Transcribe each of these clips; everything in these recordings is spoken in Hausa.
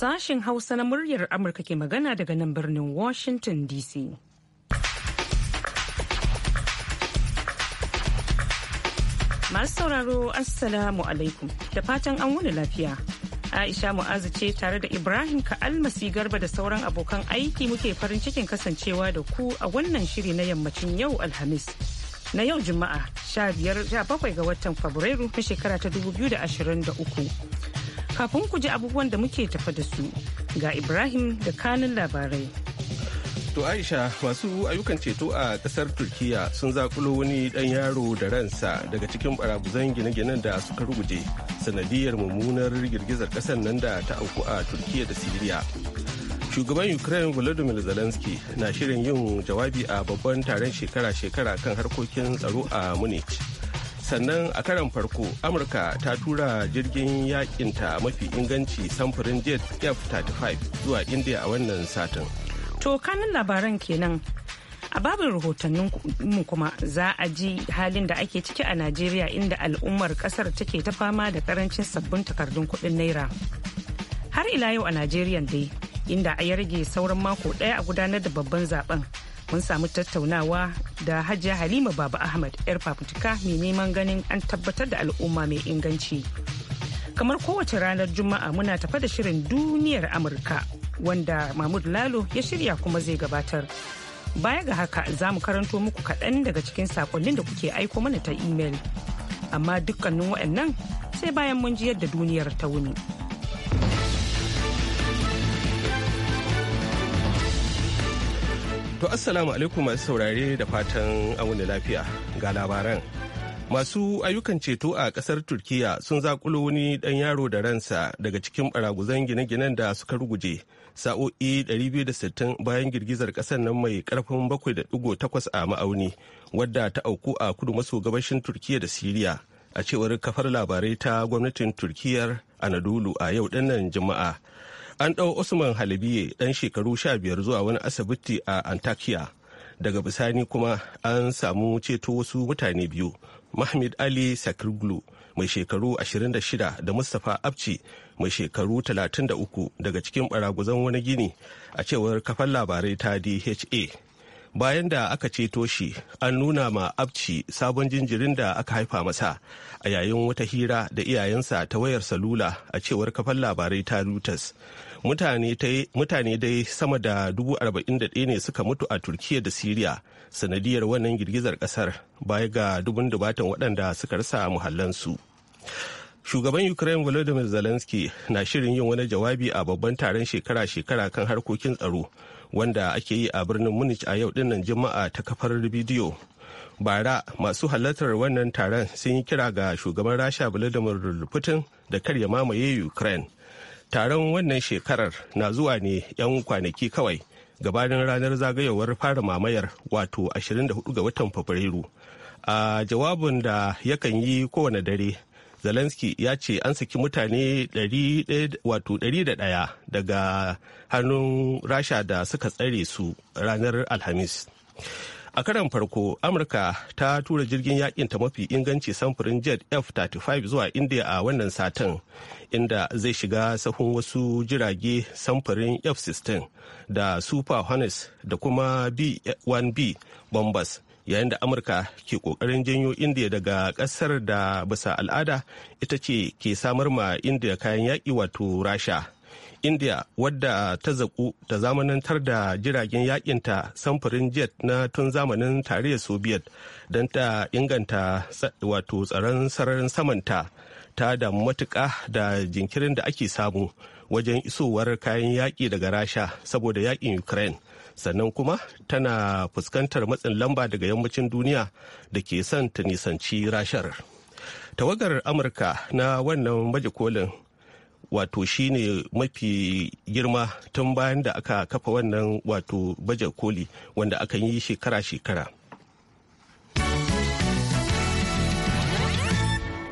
Sashen Hausa na muryar Amurka ke magana daga nan birnin Washington DC. Masu sauraro Assalamu alaikum da fatan an wani lafiya. Aisha Mu'azu ce tare da Ibrahim Ka'almasi Garba da sauran abokan aiki muke farin cikin kasancewa da ku a wannan shiri na yammacin yau Alhamis. Na yau Juma'a bakwai ga watan Fabrairu na shekara ta 2023. Kafin ku ji abubuwan da muke tafa da su ga Ibrahim da kanin labarai. To Aisha masu ayyukan ceto a kasar Turkiya sun zakulo wani ɗan yaro da ransa daga cikin barabuzan gine-ginen da suka ruguje sanadiyar mummunar girgizar ƙasar nan da ta auku a Turkiya da Siriya. shugaban ukraine volodymyr zelensky na shirin yin jawabi a babban taron shekara-shekara kan harkokin tsaro a munich sannan a karan farko amurka ta tura jirgin yakinta mafi inganci samfurin jet f-35 zuwa india a wannan satin to kanin labaran kenan a babin rahotannin mu kuma za a ji halin da ake ciki a najeriya inda al'ummar kasar take ta fama da karancin sabbin takardun kudin naira har ila yau a najeriya dai inda a yarge sauran mako daya a gudanar da babban zaben mun samu tattaunawa da hajja halima baba ahmad yar fafutuka mai neman ganin an tabbatar da al'umma mai inganci kamar kowace ranar juma'a muna tafa da shirin duniyar amurka wanda mahmud lalo ya shirya kuma zai gabatar baya ga haka za mu karanto muku kaɗan daga cikin sakonnin da kuke aiko mana ta imel amma dukkanin waɗannan sai bayan mun ji yadda duniyar ta wuni. To assalamu alaikum masu saurare da fatan da lafiya ga labaran. Masu ayyukan ceto a kasar Turkiya sun zakulo wani ɗan yaro da ransa daga cikin baraguzan gine-ginen da suka ruguje sa'o'i 260 bayan girgizar ƙasar nan mai ƙarfin 7.8 a ma'auni wadda ta auku a kudu maso gabashin Turkiya da Siriya a cewar kafar labarai ta gwamnatin Turkiyar Anadolu a yau dinnan Juma'a. an ɗau usman halibiye ɗan shekaru sha biyar zuwa wani asibiti a antakya daga bisani kuma an samu ceto wasu mutane biyu mahmud ali sakirglu mai shekaru 26 da mustapha abci mai shekaru 33 daga cikin baraguzan wani gini a cewar kafan labarai ta dha bayan da aka ceto shi an nuna ma abci sabon jinjirin da aka haifa masa a yayin wata hira da iyayensa ta wayar salula a cewar kafan labarai ta reuters mutane dai sama da dubu arba'in da ne suka mutu a turkiyya da siriya sanadiyar wannan girgizar ƙasar baya ga dubun dubatan waɗanda suka rasa muhallansu shugaban ukraine volodymyr zelensky na shirin yin wani jawabi a babban taron shekara-shekara kan harkokin tsaro wanda ake yi a birnin munich a yau dinnan jima'a ta kafar bidiyo bara masu halartar wannan taron sun yi kira ga shugaban rasha volodymyr putin da kar ya mamaye ukraine taron wannan shekarar na zuwa ne 'yan kwanaki kawai gabanin ranar zagayowar fara mamayar wato 24 ga watan fabrairu a jawabin da yakan yi kowane dare zelensky ya ce an saki mutane 101 daga hannun rasha da suka tsare su ranar alhamis a karan farko amurka ta tura jirgin yakin ta mafi inganci samfurin jet f-35 zuwa india a wannan satin inda zai shiga sahun wasu jirage samfurin f-16 da super hornets da kuma b-1b bombers yayin da amurka ke kokarin janyo india daga kasar da bisa al'ada ita ce ke samar ma india kayan yaƙi wato rasha india wadda ta zaku ta zamanantar da jiragen yakinta samfurin jet na tun zamanin tarayyar soviet don ta inganta wato tsaron sararin samanta ta da matuka da jinkirin da ake samu wajen isowar kayan yaƙi daga rasha saboda yaƙin ukraine sannan kuma tana fuskantar matsin lamba daga yammacin duniya da ke son ta nisanci rashar tawagar amurka na wannan majikolin. wato shi ne mafi girma tun bayan da aka kafa wannan wato baje koli wanda aka yi shekara-shekara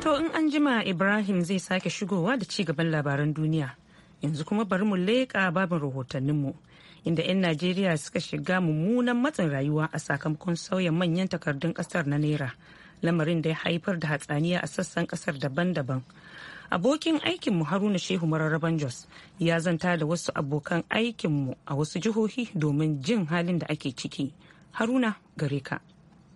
to in an jima ibrahim zai sake shigowa da ci gaban labaran duniya yanzu kuma bari mu leƙa babin rahotanninmu inda 'yan najeriya suka shiga mummunan matsin rayuwa a sakamakon sauya manyan takardun kasar na naira lamarin da ya haifar da hatsaniya a sassan kasar daban-daban abokin aikinmu haruna shehu mararraban jos ya zanta da wasu abokan aikinmu a wasu jihohi domin jin halin da ake ciki haruna gare ka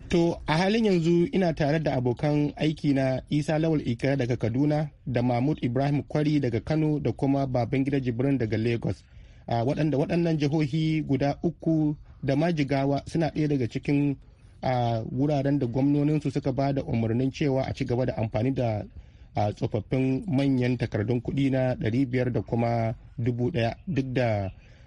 To a halin yanzu ina tare da abokan aiki na Isa Lawal Ikira daga Kaduna da Mahmud Ibrahim Kwari daga Kano da kuma baban gida Jibrin daga Lagos. A waɗanda waɗannan jihohi guda uku da majigawa suna ɗaya daga cikin a wuraren da gwamnoninsu suka ba da umarnin cewa a ci gaba da amfani da a tsofaffin manyan takardun kuɗi na 500 da kuma 1000 duk da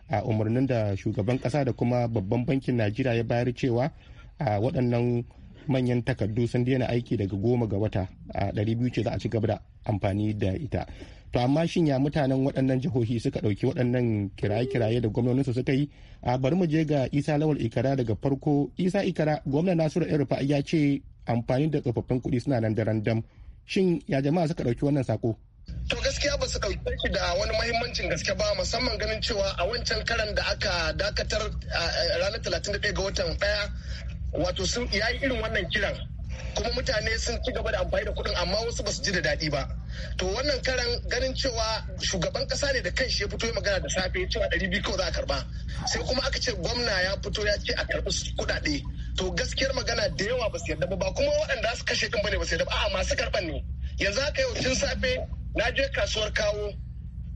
a umarnin da shugaban ƙasa da kuma babban bankin najeriya ya bayar cewa a waɗannan manyan takardu sun daina aiki daga goma ga wata a 200 ce za a ci gaba da amfani da ita to amma shin ya mutanen waɗannan jihohi suka ɗauki waɗannan kiraye-kiraye da gwamnoninsu suka yi a bari mu je ga isa lawal ikara daga farko isa ikara gwamna nasiru yan ya ce amfani da tsofaffin kuɗi suna nan daren dam shin ya jama'a suka ɗauki wannan sako to gaskiya ba su ɗauke shi da wani mahimmancin gaske ba musamman ganin cewa a wancan karan da aka dakatar ranar 31 ga watan ɗaya wato sun ya yi irin wannan kiran kuma mutane sun ci gaba da amfani da kuɗin amma wasu ba su ji da daɗi ba to wannan karan ganin cewa shugaban kasa ne da kanshi ya fito ya magana da safe cewa ɗari biyu kawai za a karba sai kuma aka ce gwamna ya fito ya ce a karɓi kuɗaɗe to gaskiyar magana da yawa ba su yarda ba kuma waɗanda su kashe kan bane ba su yarda ba a'a masu karɓar ne yanzu haka yau tun safe na je kasuwar kawo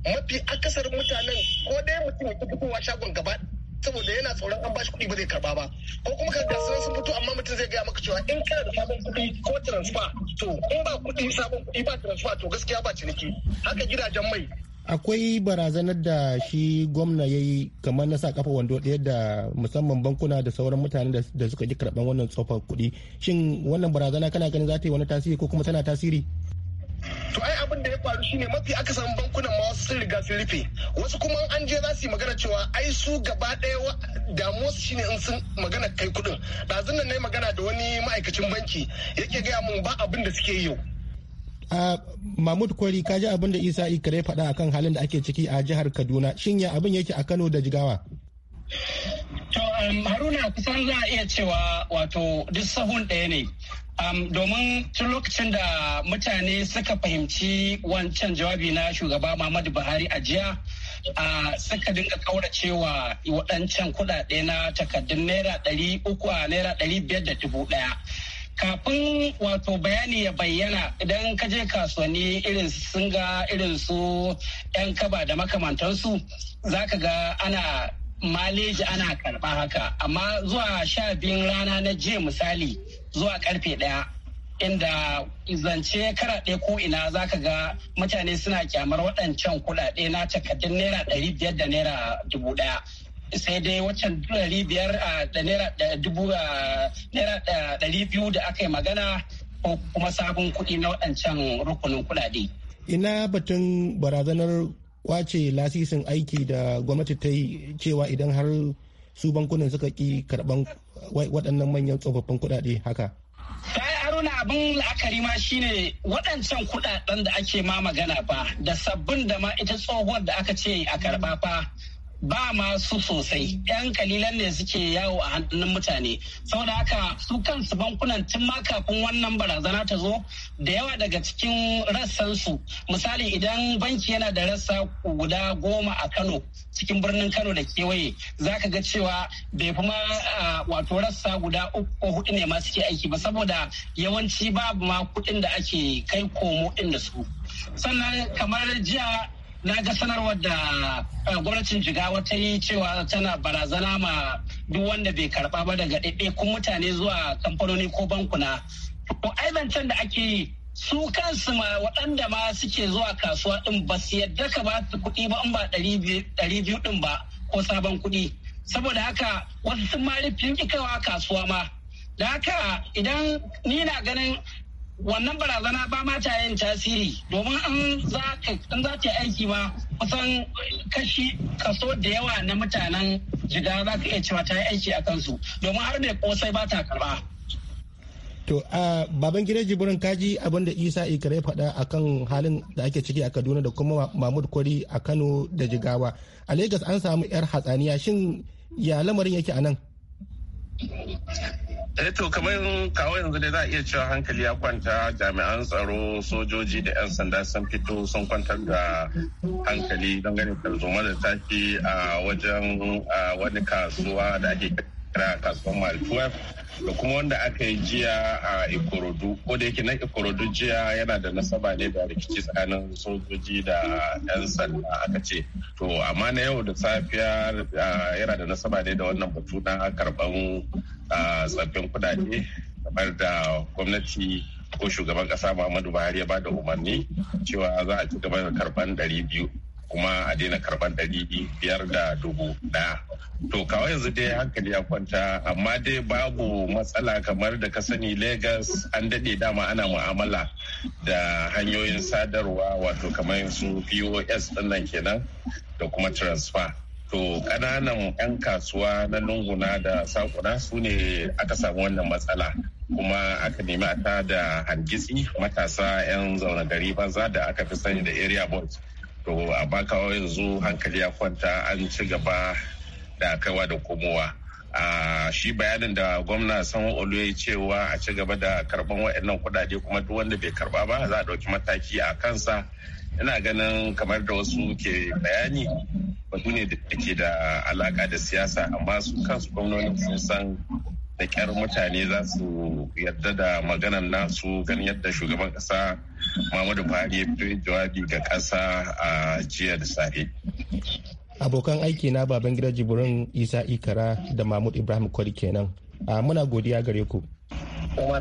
mafi akasarin mutanen ko dai mutum ya fitowa shagon gaba saboda yana tsoron an bashi kuɗi ba zai karba ba ko kuma ka gasa sun fito amma mutum zai gaya maka cewa in kana da sabon kuɗi ko transfer to in ba kuɗi sabon kuɗi ba transfer to gaskiya ba ciniki haka gidajen mai akwai barazanar da shi gwamna ya yi kamar na sa kafa wando ɗaya da musamman bankuna da sauran mutane da suka ji karɓar wannan tsofaffin kuɗi shin wannan barazana kana ganin za ta yi wani tasiri ko kuma tana tasiri to ai abin da ya faru shine mafi aka samu bankunan ma wasu sun riga sun rufe wasu kuma an je za su yi magana cewa ai su gaba ɗaya su shine in sun magana kai kuɗin ɗazun nan na magana da wani ma'aikacin banki yake gaya mun ba abin da suke yi yau mahmud kwari ji abin da isa ikare faɗa akan halin da ake ciki a jihar kaduna shin ya abin yake a kano da jigawa to um, haruna kusan za a iya cewa wato duk sahun ɗaya ne um, domin tun lokacin da mutane suka fahimci wancan jawabi na shugaba Muhammadu Buhari a jiya suka dinga cewa waɗancan kuɗaɗe na takardun naira ɗari uku a naira ɗari biyar da dubu ɗaya. kafin wato bayani ya bayyana idan ka je kasuwanni irin su ga irin su 'yan kaba da makamantansu za ka ga ana maleji ana karba haka amma zuwa sha biyun rana na je misali zuwa karfe daya inda zance karaɗe ko ina za ka ga mutane suna kyamar waɗancan kuɗaɗe na takardun naira ɗari biyar da naira dubu ɗaya sai dai waccan ɗari biyar da naira dubu biyu da aka yi magana ko kuma sabon kuɗi na waɗancan rukunin kuɗaɗe. ina batun barazanar kwace lasisin aiki da gwamnati ta yi cewa idan har su bankunan suka ƙi karban waɗannan manyan tsofaffin kuɗaɗe haka. haruna abin la'akari ma shine waɗancan kuɗaɗen da ake ma magana ba da sabbin da ma ita tsohuwar da aka ce a karɓa fa ba ma su sosai yan kalilan ne suke yawo a hannun mutane saboda haka su kansu bankunan tun ma kafin wannan barazana ta zo da yawa daga cikin rassan su misali idan banki yana da rassa guda goma a kano cikin birnin kano da kewaye za ka ga cewa bai fi ma wato rassa guda uku ko hudu ne ma suke aiki ba saboda yawanci babu ma kuɗin da ake kai komo ɗin da su sannan kamar jiya na ga sanarwar da eh, gwamnatin jigawa ta yi cewa tana barazana ma duk wanda bai karba ba daga ɗaiɗaikun mutane zuwa kamfanoni ko bankuna to aibancan da ake yi su kansu ma waɗanda ma suke zuwa kasuwa ɗin ba su yadda ka ba su kuɗi ba in ba ɗari biyu ɗin ba ko sabon kuɗi saboda haka wasu sun ma rufin kikawa kasuwa ma da haka idan ni na ganin wannan barazana ba ma ta yin tasiri domin an za ta aiki ma kusan kashi kaso da yawa na mutanen jiga za ka iya cewa ta yi aiki a kansu domin har mai kosai ba ta karba. To a baban gidan jibirin kaji abin da Isa Ikare faɗa kan halin da ake ciki a Kaduna da kuma Mahmud Kwari a Kano da Jigawa. A lagos an samu 'yar hatsaniya shin ya lamarin yake a nan? eh to kamar kawo yanzu dai za a iya cewa hankali ya kwanta jami'an tsaro sojoji da 'yan sanda sun fito sun kwantar da hankali don ganin tarzoma da tafi a wajen wani kasuwa da ake kira kasuwar mile da kuma wanda aka yi jiya a ikorodu ko da yake na ikorodu jiya yana da nasaba ne da rikici tsakanin sojoji da 'yan sanda aka ce to amma na yau da safiya yana da nasaba ne da wannan batu na karban tsaffin kudade kamar da gwamnati ko shugaban kasa muhammadu buhari ya ba da umarni cewa za a ci gaba da karban biyu. kuma a daina karban ɗari biyar da dubu ɗaya to kawai yanzu dai hankali ya kwanta amma dai babu matsala kamar da ka sani Legas. an daɗe dama ana mu'amala da hanyoyin sadarwa wato kamar su pos ɗinnan kenan da kuma transfer to ƙananan 'yan kasuwa na lunguna da sakuna su ne aka samu wannan matsala kuma aka nemi a da hangitsi matasa 'yan zaune gari banza da aka fi sani da area boys to a baka yanzu hankali ya kwanta an ci gaba da kaiwa da komowa a shi bayanin da gwamna san olu ya cewa a ci gaba da karban waɗannan kuɗaɗe, kuma duk wanda bai karba ba za a ɗauki mataki a kansa ina ganin kamar da wasu ke bayani batu ne da ke da alaka da siyasa amma su kansu gwamnonin sun san da kyar mutane za su yarda da maganan nasu ganin yadda shugaban ƙasa Muhammadu Buhari ya fito jawabi ga ƙasa a jiya da safe. Abokan aiki na baban gidan Jibrin Isa Ikara da Mahmud Ibrahim Kwari kenan. Muna godiya gare ku. Yawa.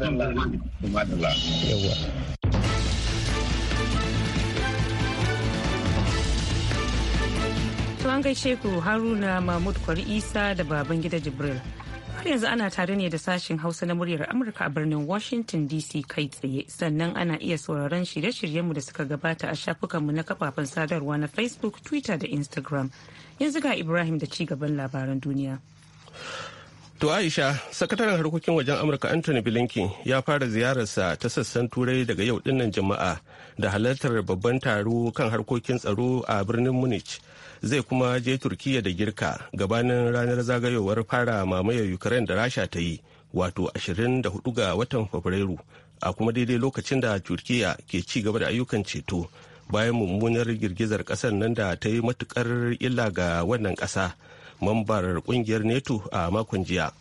an gaishe ku Haruna Mahmud Kwari Isa da baban gida Jibril. har yanzu ana tare ne da sashen hausa na muryar amurka a birnin washington dc kai tsaye sannan ana iya sauraron shirye-shiryenmu da suka gabata a shafukanmu na kafafen sadarwa na facebook twitter da instagram yanzu ga ibrahim da ci gaban labaran duniya To Aisha, sakataren harkokin wajen Amurka Anthony Blinken ya fara ziyararsa ta sassan turai daga yau dinnan jama'a da halartar babban taro kan harkokin tsaro a birnin Munich. Zai kuma je Turkiyya da Girka gabanin ranar zagayowar fara mamayar Ukraine da Rasha ta yi, wato 24 ga watan Fabrairu, a kuma daidai lokacin da Turkiyya ke ci gaba da ayyukan ceto bayan mummunar girgizar ƙasar nan da ta yi matukar illa ga wannan ƙasa. mambar kungiyar neto a makon jiya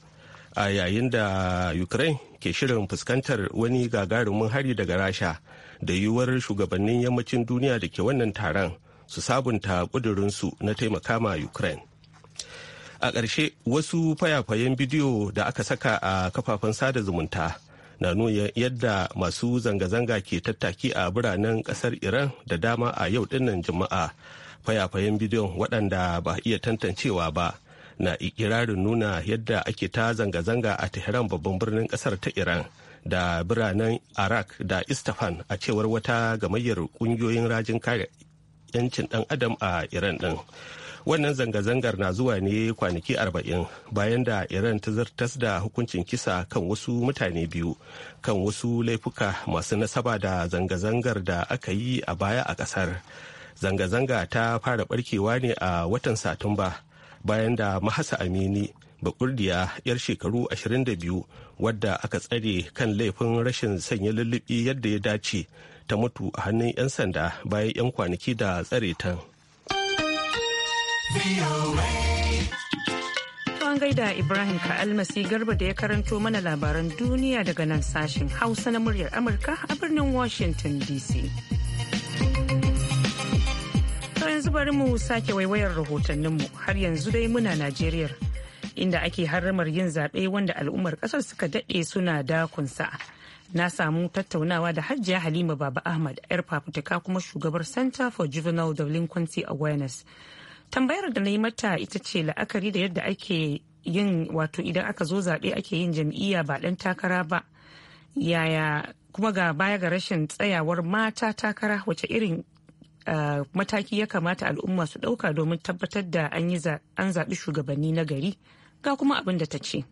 a yayin da ukraine ke shirin fuskantar wani gagarumin hari daga rasha da yiwuwar shugabannin yammacin duniya da ke wannan taron su sabunta kudurinsu na taimaka ma ukraine a ƙarshe wasu fayafayen bidiyo da aka saka a kafafen sada zumunta na nuna yadda masu zanga-zanga ke tattaki a biranen ƙasar iran da dama a yau dinnan juma'a fayafayen bidiyon waɗanda ba iya tantancewa ba na ikirarin nuna yadda ake ta zanga-zanga a tehran babban birnin ƙasar ta iran da biranen iraq da istafan a cewar wata gamayyar ƙungiyoyin rajin kare 'yancin ɗan adam a iran ɗin wannan zanga-zangar na zuwa ne kwanaki 40 bayan da iran ta zartas da hukuncin kisa kan wasu mutane biyu kan wasu laifuka masu nasaba da zanga-zangar da aka yi a baya a kasar zanga-zanga ta fara barkewa ne a watan satumba bayan da mahasa amini bakurdiya yar shekaru 22 wadda aka tsare kan laifin rashin sanya lullubi yadda ya dace ta mutu a hannun 'yan sanda bayan 'yan kwanaki da tsare ta. an gaida Ibrahim almasi Garba da ya karanto mana labaran duniya daga nan sashen Hausa na muryar Amurka a birnin Washington DC. yanzu bari mu sake waiwayar rahotanninmu har yanzu dai muna Najeriya inda ake harramar yin zaɓe wanda al'ummar ƙasar suka daɗe suna dakunsa. Na samu tattaunawa da Hajjiya Halima Baba Ahmad 'yar fafutuka kuma shugabar Center for Juvenile Delinquency Awareness. Tambayar da na yi mata ita ce la'akari da yadda ake yin wato idan aka zo zaɓe ake yin jam'iyya ba dan takara ba. Yaya kuma ga baya ga rashin tsayawar mata takara wace irin mataki ya kamata al'umma su ɗauka domin tabbatar da an zaɓi shugabanni na gari ga kuma abin da ta ce.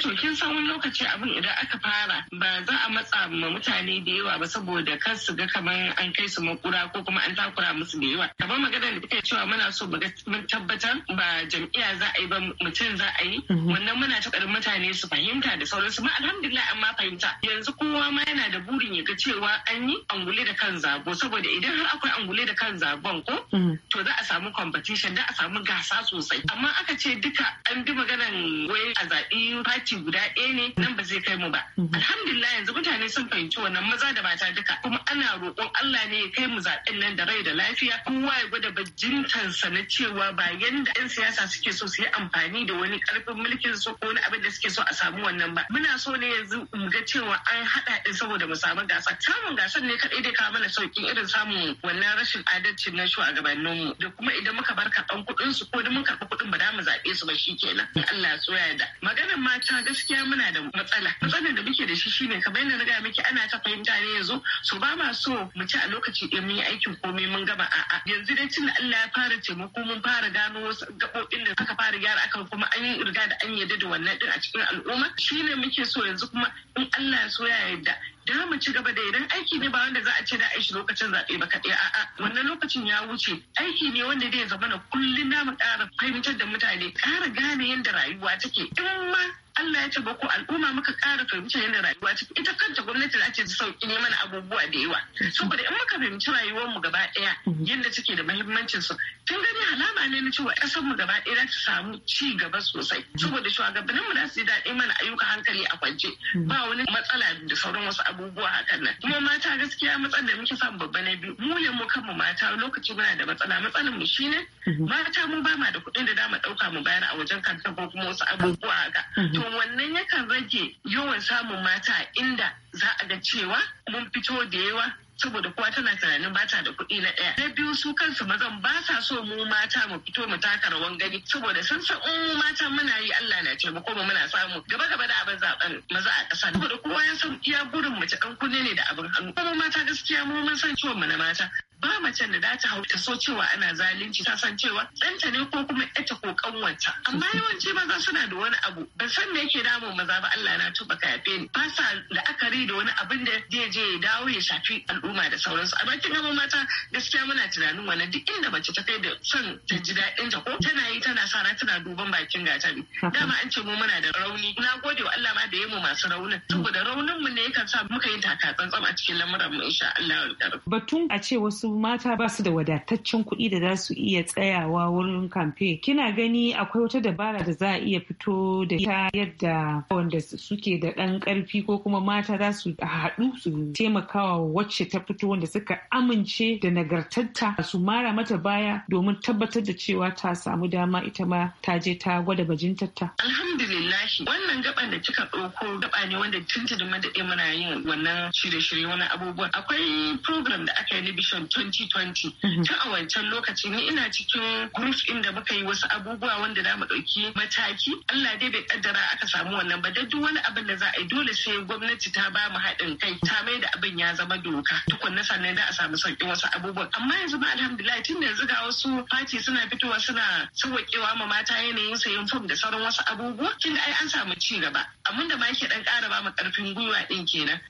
To kin san wani lokaci abin idan aka fara ba za a matsa ma mutane da yawa ba saboda kar su ga kamar an kai su makura ko kuma an takura musu da yawa. Kamar magana da kuke cewa muna so mun tabbatar ba jam'iya za a yi ba mutum za a yi. Mhm. Wannan muna ta mutane su fahimta da sauransu ma alhamdulillah amma fahimta. Yanzu kowa ma yana da burin ya ga cewa an yi angule da kan zabo saboda idan har akwai angule da kan zabon ko mhm. to za a samu competition da a samu gasa sosai. Amma aka ce duka an bi maganan wai a zaɓi ɗaki guda ɗaya ne nan ba zai kai mu ba mhm. alhamdulillah yanzu mutane sun fahimci wannan maza da mata duka kuma ana roƙon Allah ne ya kai mu zaɓen nan da rai da lafiya kowa ya gwada bajintansa na cewa ba yanda 'yan siyasa suke so su yi amfani da wani ƙarfin mulkin su ko wani abin da suke so a samu wannan ba muna so ne yanzu mu ga cewa an haɗa ɗin saboda mu samu gasa samun gasar ne kaɗai da kawo mana sauƙin irin samun wannan rashin adalci na mu da kuma idan muka bar karɓan kuɗin su ko da mun karɓi kuɗin ba za mu zaɓe su ba shi kenan Allah so ya da maganar mata ta gaskiya muna da matsala matsalar da muke da shi shine kamar yadda riga miki ana ta fahimta ne yanzu so ba ma so mu ci a lokaci ɗaya mun yi aikin komai mun gama a'a yanzu dai tun Allah ya fara taimako mun fara gano wasu gabobin da aka fara gyara akan kuma an yi riga da an yadda da wannan din a cikin al'umma shine muke so yanzu kuma in Allah ya so ya yarda da mu ci gaba da idan aiki ne ba wanda za a ce da aishi lokacin zaɓe ba kaɗai a'a wannan lokacin ya wuce aiki ne wanda zai zama na kullum na mu ƙara fahimtar da mutane ƙara gane yadda rayuwa take in ma Allah ya ku al'umma muka kara fahimci yadda rayuwa take ita kanta gwamnati za ta ji sauƙi ne mana abubuwa da yawa saboda in muka fahimci rayuwar mu gaba ɗaya mhm. yadda take da muhimmancin su tun gani alama ne na cewa ƙasar mu gaba ɗaya za ta samu ci gaba sosai mhm. saboda shugabannin mu za su yi daɗi mana ayyuka hankali a kwance mhm. ba wani matsala da sauran wasu abubuwa hakan nan kuma mata gaskiya matsalar da muke samu babba na biyu mu ne mu kanmu mata lokaci muna da matsala matsalar mu shine mata mu ba ma da kuɗin da dama ɗauka mu bayar a wajen kanta ko kuma wasu abubuwa haka to wannan yakan rage yawan samun mata inda za a ga cewa mun fito da yawa saboda kowa tana tunanin bata da kuɗi na ɗaya. Na biyu su kansu mazan ba sa so mu mata mu fito mu taka rawan gani saboda sun san in mata muna yi Allah na taimako mu muna samu gaba gaba da abin zaben maza a ƙasa. Saboda kowa ya san iya gurin mace ɗan kunne ne da abin hannu. Kuma mata gaskiya mu mun san ciwon mu na mata. ba macen da za ta hau ta so cewa ana zalunci ta san cewa ɗanta ne ko kuma ita ko kanwanta amma yawanci maza suna da wani abu ban san me yake damun maza ba Allah na tuba ka yafe ni ba sa la'akari da wani abin da zai je ya dawo ya shafi al'umma da sauransu amma kin ga mata gaskiya muna tunanin wannan duk inda mace ta kai da son ta ji daɗin ta ko tana yi tana sa ran tana duban bakin gatari dama an ce mu muna da rauni na gode wa Allah ma da mu masu raunin saboda raunin mu ne yakan sa muka yi taka tsantsan a cikin lamuran mu insha Allah batun a ce wasu mata ba su da wadataccen kuɗi da za su iya tsayawa wurin kamfe kina gani akwai wata dabara da za a iya fito da ita yadda wanda suke da ɗan ƙarfi ko kuma mata za su haɗu su taimakawa wacce ta fito wanda suka amince da nagartatta su mara mata baya domin tabbatar da cewa ta samu dama ita ma ta je ta gwada bajintarta. Alhamdulillahi wannan gaban da kika ɗauko gaba ne wanda tun mun muna yin wannan shirye-shirye wani abubuwan akwai program da aka yi na Bishop 2020 mm-hmm. tun a wancan lokaci ni ina cikin group din da muka yi wasu abubuwa wanda za mu ɗauki mataki Allah dai bai kaddara aka samu wannan ba da duk wani abin da za a yi dole sai gwamnati ta ba mu haɗin kai ta mai da abin ya zama doka na sannan da a samu saukin wasu abubuwan amma yanzu ma alhamdulillah tun yanzu ga wasu fati suna fitowa suna sauƙewa ma mata yanayin sayin fom da sauran wasu abubuwa kin ai an samu ci gaba abin da ma yake dan ƙara ba mu ƙarfin gwiwa din kenan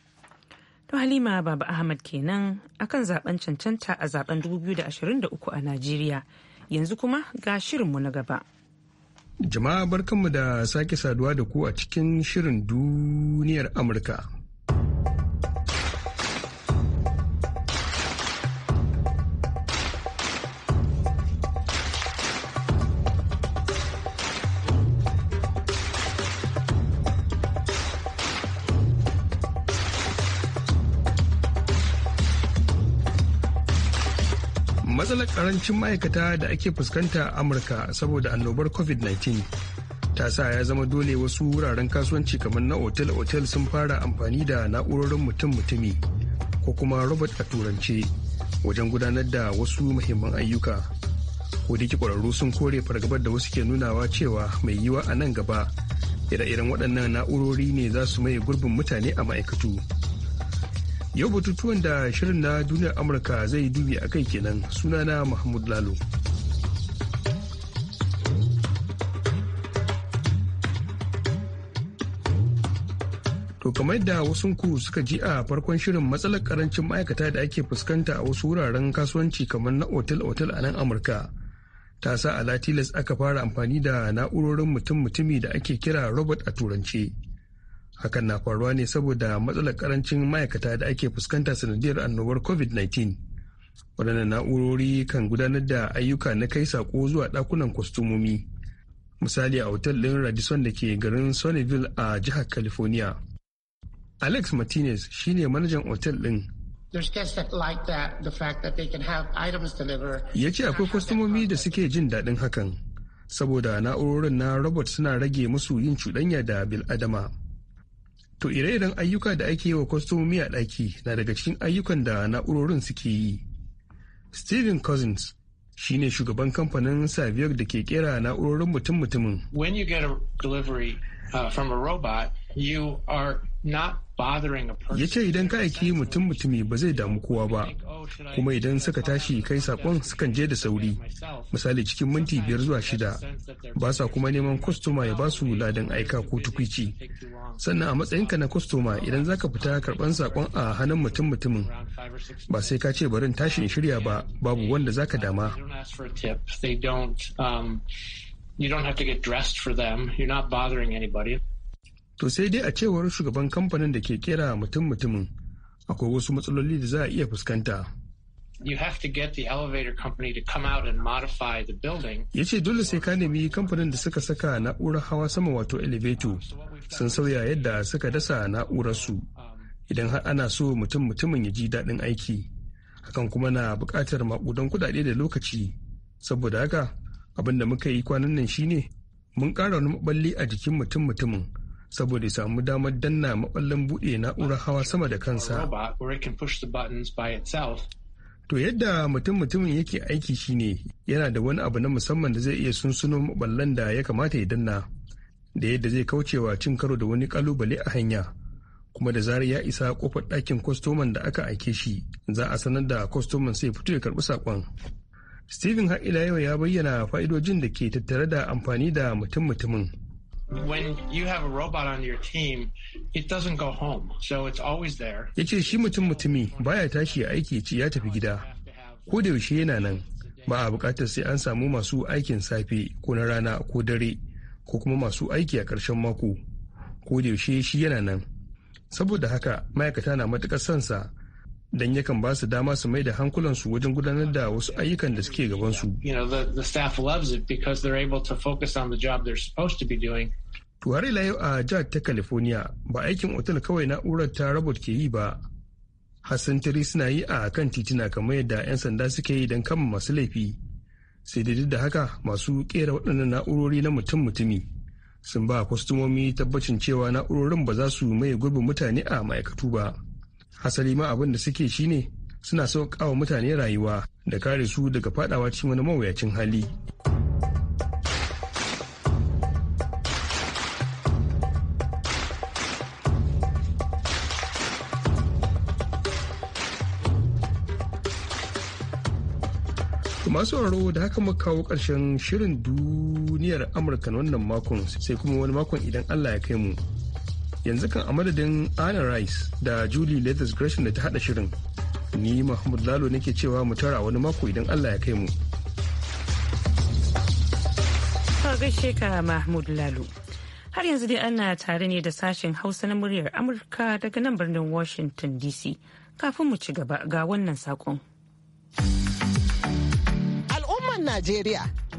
To Halima Baba Ahmad kenan akan zaben cancanta a zaben 2023 a Najeriya. Yanzu kuma ga shirinmu na gaba. Jama'a barkanmu da sake saduwa da ku a cikin shirin duniyar Amurka. karancin ma'aikata da ake fuskanta a amurka saboda annobar covid-19 ta sa ya zama dole wasu wuraren kasuwanci kamar na otel-otel sun fara amfani da na'urorin mutum-mutumi ko kuma robot a turance wajen gudanar da wasu muhimman ayyuka ko da kwararru sun kore fargabar da wasu ke nunawa cewa mai yiwa a nan gaba ire-iren waɗannan na'urori ne za su maye gurbin mutane a ma'aikatu. Yau batutuwan da shirin na duniyar Amurka zai dubi a kai kenan sunana Mahmud Lalo. To kamar yadda wasu ku suka ji a farkon shirin matsalar karancin ma'aikata da ake fuskanta a wasu wuraren kasuwanci kamar na otel otal a nan Amurka. Ta sa a Latilas aka fara amfani da na'urorin mutum-mutumi da ake kira Robert a turance. hakan na faruwa ne saboda matsalar karancin ma'aikata da ake fuskanta sanadiyar annobar covid-19 waɗannan na'urori kan gudanar da ayyuka na kai sako zuwa ɗakunan kwastomomi misali a otal ɗin radisson da ke garin sunnyville a jihar california alex martinez shine manajan otal ɗin ya ce akwai kwastomomi da suke jin daɗin hakan saboda na'urorin na robot suna rage musu yin cuɗanya da bil'adama To ire-iren ayyuka da ake yi wa kwastomomi a ɗaki na daga cikin ayyukan da na'urorin suke yi. Steven Cousins shi ne shugaban kamfanin Saviyar da ke kera na'urorin mutum-mutumin. When you get a delivery uh, from a robot, you are not ya ce idan ka aiki mutum mutumi ba zai damu kowa ba kuma idan suka tashi kai sakon sukan je da sauri misali cikin minti biyar zuwa shida ba sa kuma neman kwastoma ya ba su ladan aika ko tukwici sannan a matsayinka na kwastoma idan zaka fita karban sakon a hannun mutum mutumin ba sai ka ce barin tashin shirya ba babu wanda zaka dama um, You don't have to get dressed for them. You're not bothering anybody. To sai dai a cewar shugaban kamfanin da ke kera mutum-mutumin akwai wasu matsaloli da za a iya fuskanta. You have to get the elevator company to come out and modify the building. Ya ce dole sai ka nemi kamfanin da suka saka na'urar hawa sama wato elevator sun sauya yadda suka dasa na'urar su idan har ana so mutum-mutumin ya ji daɗin aiki. Hakan kuma na buƙatar maƙudan kuɗaɗe da lokaci. Saboda haka abin da muka yi kwanan nan shine mun ƙara wani maballi a jikin mutum-mutumin. saboda ya samu damar danna maballan buɗe na'urar hawa sama da kansa. To yadda mutum-mutumin yake aiki shine yana da wani abu na musamman da zai iya sunsuno maɓallan da ya kamata ya danna, da yadda zai kaucewa cin karo da wani kalubale a hanya. kuma da zarar ya isa kofar ɗakin kwastoman da aka aike shi za a sanar da kwastoman sai fito ya karɓi saƙon. Steven har yau ya bayyana fa'idojin da ke tattare da amfani da mutum-mutumin. yace you have a it go so it's Ya ce shi mutum mutumi baya tashi aiki ci ya tafi gida. Ko da yaushe yana nan, ba a bukatar sai an samu masu aikin safe ko na rana ko dare ko kuma masu aiki a ƙarshen mako. Ko da yaushe shi yana nan. Saboda haka ma'aikata na matuƙar sansa don yakan ba su dama su mai da hankulansu wajen gudanar da wasu ayyukan da suke gabansu. Tuhar ila yau a jihar ta California ba aikin otal kawai na'urar ta robot ke yi ba. tiri suna yi a kan titina kamar yadda 'yan sanda suke yi don kama masu laifi. Sai da duk da haka masu kera waɗannan na'urori na mutum-mutumi sun ba kwastomomi tabbacin cewa na'urorin ba za su maye gurbin mutane a ma'aikatu ba. hasali ma abin da suke shine suna wa mutane rayuwa da kare su daga fadawa cikin wani mawuyacin hali masu sauraro da haka muka kawo ƙarshen shirin duniyar amurka wannan makon sai kuma wani makon idan allah ya kai mu yanzu kan a madadin Anna Rice da Julie Leathers Gresham da ta hada shirin. Ni Mahmud Lalo nake cewa mu tara wani mako idan Allah ya kai mu. Ka gaishe ka Mahmud Lalo. Har yanzu dai ana tare ne da sashen Hausa na muryar Amurka daga nan birnin Washington DC. Kafin mu ci gaba ga wannan saƙon. Al'ummar Najeriya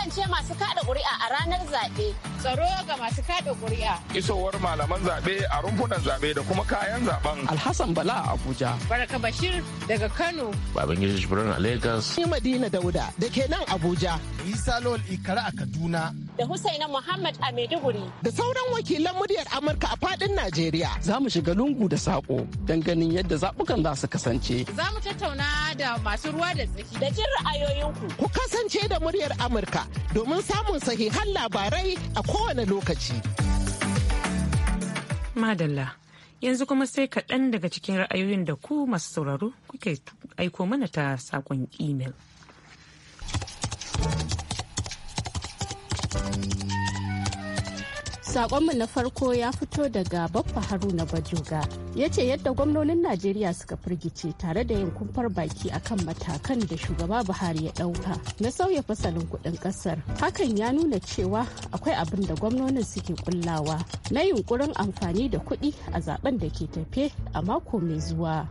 kasance masu kada ƙuri'a a ranar zaɓe. Tsaro ga masu kada ƙuri'a. Isowar malaman zaɓe a rumfunan zaɓe da kuma kayan zaɓen. Alhassan Bala a Abuja. Baraka Bashir daga Kano. Babangida Jibrin a Lagos. Ni Madina Dauda da ke nan Abuja. Isa Lol Ikara a Kaduna. Da Husaina Muhammad a Maiduguri. Da sauran wakilan muryar Amurka a fadin Najeriya. Za mu shiga lungu da saƙo don ganin yadda zaɓukan za su kasance. Za mu tattauna da masu ruwa da tsaki. Da jin ra'ayoyinku. Ku kasance da muryar Amurka domin samun sahihan labarai a kowane lokaci. Madalla. Yanzu kuma sai kaɗan daga cikin ra'ayoyin da ku masu sauraro kuke aiko mana ta saƙon imel. Sakonmu na farko ya fito daga Baffa Haruna Bajoga ya ce yadda gwamnonin Najeriya suka firgice tare da yin kumfar baki akan matakan da shugaba Buhari ya ɗauka na sauya fasalin kuɗin ƙasar. Hakan ya nuna cewa akwai abin da gwamnonin suke kullawa na yunkurin amfani da kuɗi a zaben da ke tafe a mako mai zuwa.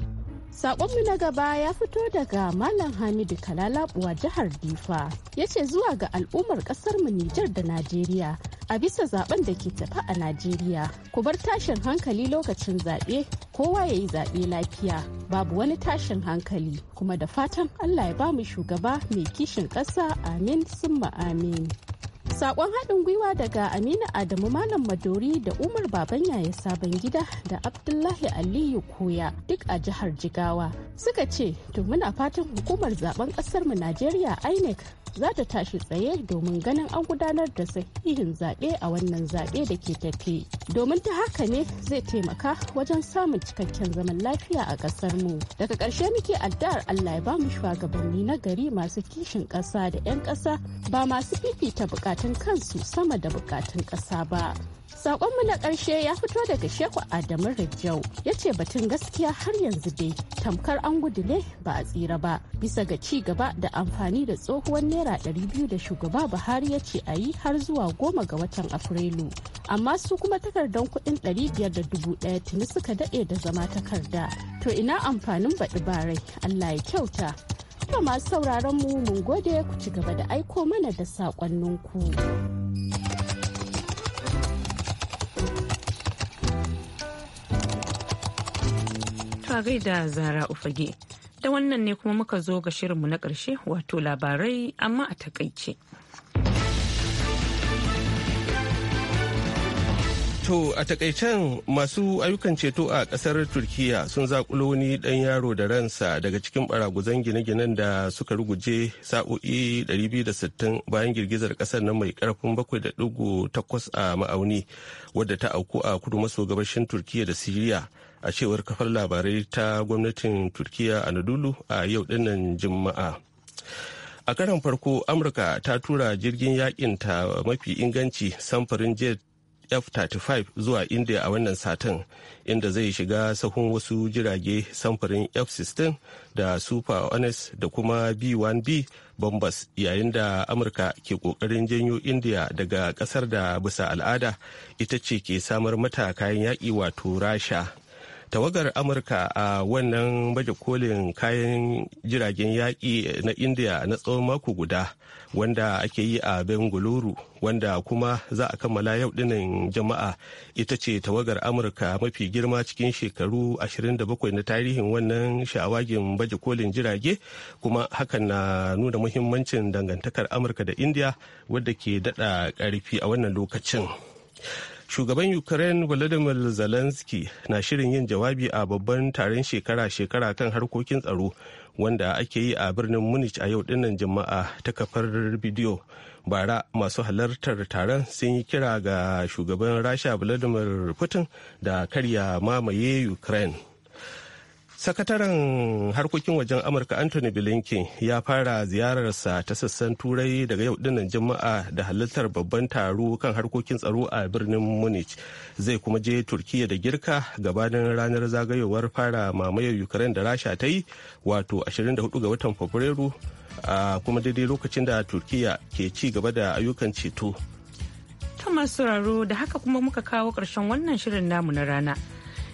Sakonmu na gaba ya fito daga Malam Hamidu Kalalabuwa jihar Difa. Ya ce zuwa ga al'ummar mu Nijar da Najeriya a bisa zaben da ke tafi a Najeriya. Ku bar tashin hankali lokacin zaɓe, kowa ya yi zaɓe lafiya. Babu wani tashin hankali, kuma da fatan Allah ya ba mu shugaba mai kishin ƙasa amin summa amin. Sakon haɗin gwiwa daga Aminu Adamu Malam Madori da Umar Baban Yaya Sabon Gida da Abdullahi Aliyu Koya duk a jihar Jigawa suka ce to muna fatan hukumar zaben ƙasarmu Najeriya INEC za ta tashi tsaye domin ganin an gudanar da sahihin zaɓe a wannan zaɓe da ke tafi domin ta haka ne zai taimaka wajen samun cikakken zaman lafiya a ƙasar mu daga ƙarshe muke addu'ar allah ya bamu shugabanni na gari masu kishin ƙasa da 'yan ƙasa ba masu fifita buƙatun kansu sama da buƙatun ƙasa ba Sakonmu na ƙarshe ya fito daga Shehu Adamu Rajau ya ce batun gaskiya har yanzu dai tamkar an gudu ne ba a tsira ba bisa ga ci gaba da amfani da ne naira 200 da shugaba buhari ya ce a yi har zuwa goma ga watan afrilu amma su kuma takardar kudin 500 da dubu daya tuni suka daɗe da zama takarda to ina amfanin baɗi barai allah ya kyauta kuma masu sauraron mu mun gode ku ci gaba da aiko mana da saƙonninku. Tare Zara Ufage. Da wannan ne kuma muka zo ga shirinmu na ƙarshe wato labarai amma a takaice. To a takaicen masu ayyukan ceto a ƙasar Turkiya sun zaƙulo wani ɗan yaro da ransa daga cikin baraguzan gine-ginen da suka ruguje sa'o'i 260 bayan girgizar ƙasar nan mai ƙarfin 7.8 a ma'auni wadda ta auku a kudu maso gabashin Turkiya da Siriya. a cewar kafar labarai ta gwamnatin turkiya nadulu a yau dinnan juma'a a karan farko amurka ta tura jirgin yakin ta mafi inganci samfurin jet f-35 zuwa india a wannan satin inda zai shiga sahun wasu jirage samfurin f-16 da super honest da kuma b-1b bombas yayin da amurka ke kokarin janyo india daga kasar da bisa al'ada ita ce ke samar mata kayan yaƙi wato rasha tawagar amurka a wannan baje kolin kayan jiragen yaƙi na indiya na tsawon mako guda wanda ake yi a bengaluru wanda kuma za a kammala yau dinin jama'a ita ce tawagar amurka mafi girma cikin shekaru 27 na tarihin wannan shawagin baje kolin jirage kuma hakan na nuna muhimmancin dangantakar amurka da indiya wadda ke dada karfi a wannan lokacin shugaban ukraine volodymyr zelensky na shirin yin jawabi a babban taron shekara-shekara kan harkokin tsaro wanda ake yi a birnin munich a yau dinnan jama'a ta kafar bidiyo bara masu halartar taron sun yi kira ga shugaban rasha vladimir putin da karya mamaye ukraine sakataren harkokin wajen amurka anthony blinken ya fara ziyararsa ta sassan turai daga yau dinnan juma'a da halittar babban taro kan harkokin tsaro a birnin munich zai kuma je turkiyya da girka gabanin ranar zagayowar fara mamayar ukraine da rasha ta yi wato 24 ga watan fabrairu a kuma daidai lokacin da turkiyya ke ci gaba da ayyukan ceto ta masu da haka kuma muka kawo ƙarshen wannan shirin namu na rana.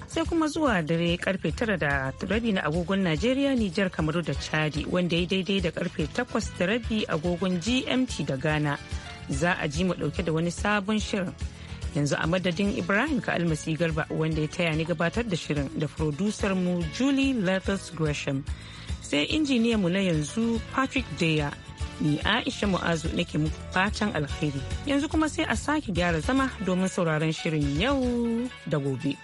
sai kuma zuwa dare karfe tara da rabi na agogon Najeriya, Nijar, Kamaru da Chadi wanda ya daidai da karfe takwas da rabi agogon GMT da Ghana. Za a ji mu dauke da wani sabon shirin. Yanzu a madadin Ibrahim ka almasi garba wanda ya taya ni gabatar da shirin da producer mu Julie Lathers Gresham. Sai injiniya mu na yanzu Patrick Deya. Ni Aisha Mu'azu nake muku fatan alheri. Yanzu kuma sai a sake gyara zama domin sauraron shirin yau da gobe.